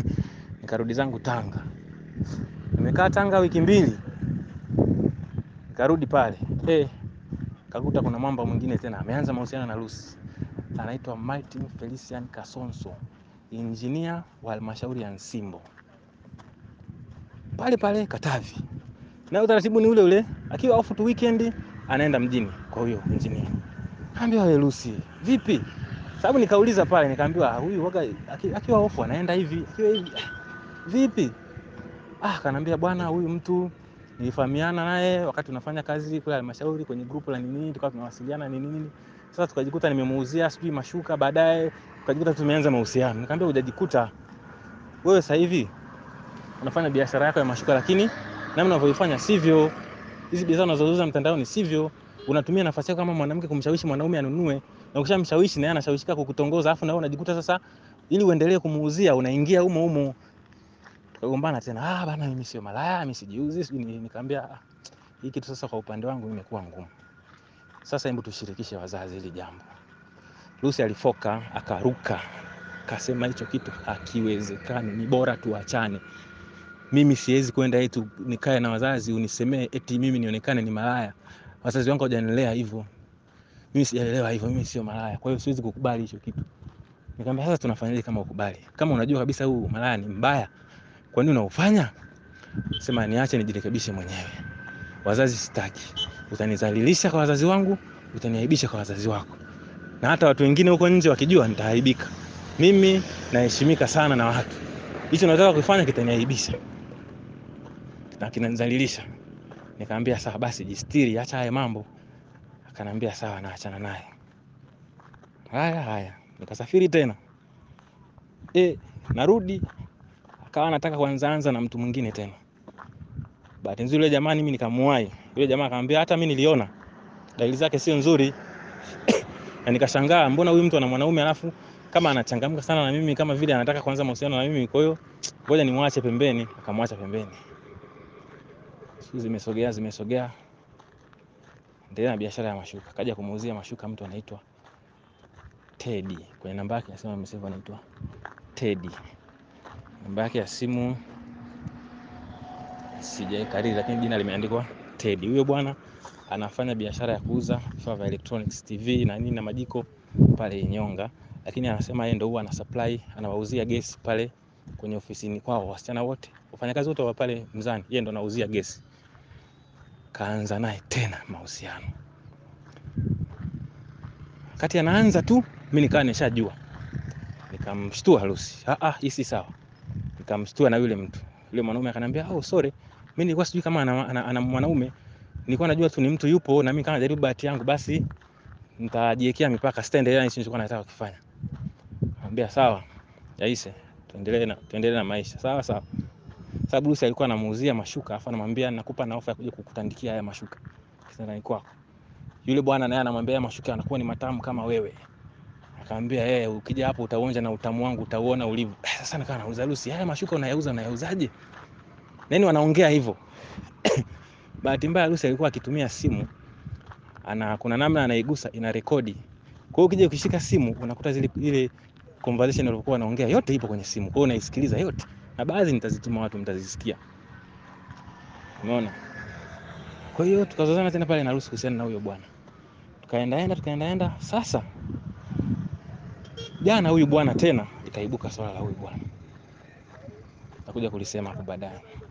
nikarudi zangu Tanga. Nimekaa Tanga wiki mbili, nikarudi pale hey, eh, kakuta kuna mwamba mwingine tena ameanza mahusiano na Lucy, anaitwa Martin Felician Kasonso, injinia wa halmashauri ya Nsimbo pale pale Katavi, na utaratibu ni ule ule, akiwa off tu weekend anaenda mjini. Kwa hiyo injinia ambia, wewe Lucy, vipi sababu nikauliza pale, nikaambiwa ah, huyu waga akiwa hofu anaenda hivi, akiwa hivi vipi? Ah, kanaambia bwana, huyu mtu nilifahamiana naye wakati tunafanya kazi kule halmashauri kwenye grupu la nini, tukawa tunawasiliana nini nini. Sasa tukajikuta nimemuuzia sijui mashuka, baadaye tukajikuta tumeanza mahusiano. nikaambia hujajikuta wewe sasa hivi unafanya biashara yako ya mashuka, lakini namna unavyoifanya sivyo. Hizi bidhaa unazouza mtandaoni sivyo unatumia nafasi yako kama mwanamke kumshawishi mwanaume anunue, na ukishamshawishi naye anashawishika kukutongoza, afu na wewe unajikuta sasa, ili uendelee kumuuzia unaingia humo humo. Tukagombana tena, ah bana, mimi sio malaya, mimi sijiuzi, sijui. Nikamwambia ah, hii kitu sasa kwa upande wangu imekuwa ngumu, sasa hebu tushirikishe wazazi hili jambo. Lucy alifoka akaruka, akasema hicho kitu hakiwezekani, ni bora tuachane mimi siwezi kwenda eti nikae na wazazi unisemee eti mimi nionekane ni malaya wazazi wangu hawajanilea hivyo, mimi sijaelewa hivyo, mimi sio malaya, kwa hiyo siwezi kukubali hicho kitu. Nikamwambia sasa, tunafanyaje kama ukubali? Kama unajua kabisa huu malaya ni mbaya, kwa nini unaufanya? Sema niache nijirekebishe mwenyewe, wazazi sitaki, utanizalilisha kwa wazazi wangu, utaniaibisha kwa wazazi wako, na hata watu wengine huko nje wakijua nitaaibika. Mimi naheshimika sana na watu, hicho nataka kufanya kitaniaibisha na kinanizalilisha. Nikamwambia sawa basi, jistiri, acha haya mambo. akanambia sawa, naachana naye. Haya haya, nikasafiri tena e, narudi akawa anataka kuanzaanza na mtu mwingine tena. Bahati nzuri yule jamaa mimi nikamuwahi. Yule jamaa akamwambia hata mimi niliona dalili zake sio nzuri. na nikashangaa mbona huyu mtu ana mwanaume alafu kama anachangamka sana na mimi kama vile anataka kuanza mahusiano na mimi, kwa hiyo ngoja nimwache pembeni. Akamwacha pembeni siku zimesogea zimesogea, ndio na biashara ya mashuka. Kaja kumuuzia mashuka mtu anaitwa Teddy, kwenye namba yake ya simu amesema anaitwa Teddy. Namba yake ya simu sijaikariri, lakini jina limeandikwa Teddy. Huyo bwana anafanya biashara ya kuuza vifaa vya electronics, TV na nini na majiko pale Inyonga, lakini anasema yeye ndio huwa ana supply, anawauzia gesi pale kwenye ofisini kwao, wasichana wote, wafanyakazi wote wa pale mzani, yeye ndo anauzia gesi akaanza naye tena mahusiano. Wakati anaanza tu, mi nikawa nishajua, nikamshtua harusi, ah ah, hii si sawa. Nikamshtua na yule mtu, yule mwanaume akaniambia, oh sorry, mi nilikuwa sijui kama ana, ana, ana mwanaume, nilikuwa najua tu ni mtu yupo, na mimi kama jaribu bahati yangu, basi nitajiwekea mipaka, sitaendelea na nilikuwa nataka kufanya. Anambia sawa, Yaise, tuendelee na tuendelee na maisha, sawa sawa sababu Lucy alikuwa anamuuzia mashuka afa anamwambia nakupa na ofa ya kuja kukutandikia haya mashuka ni kwako. Yule bwana naye anamwambia mashuka yanakuwa ni matamu kama wewe. Akamwambia yeye eh, hey, ukija hapo utaonja na utamu wangu utauona ulivyo. Ah, sasa nikawa nauza Lucy, haya mashuka unayauza unayauzaje? Nani wanaongea hivyo? Bahati mbaya Lucy alikuwa akitumia simu ana kuna namna anaigusa ina rekodi. Kwa hiyo ukija ukishika simu unakuta zile ile conversation walikuwa wanaongea yote ipo kwenye simu. Kwa hiyo unaisikiliza yote na baadhi nitazituma watu mtazisikia. Umeona? Kwa hiyo tukazozana tena pale na Rusi kuhusiana na huyo bwana, tukaendaenda tukaendaenda. Sasa jana huyu bwana tena ikaibuka swala la huyu bwana, takuja kulisema hapo baadaye.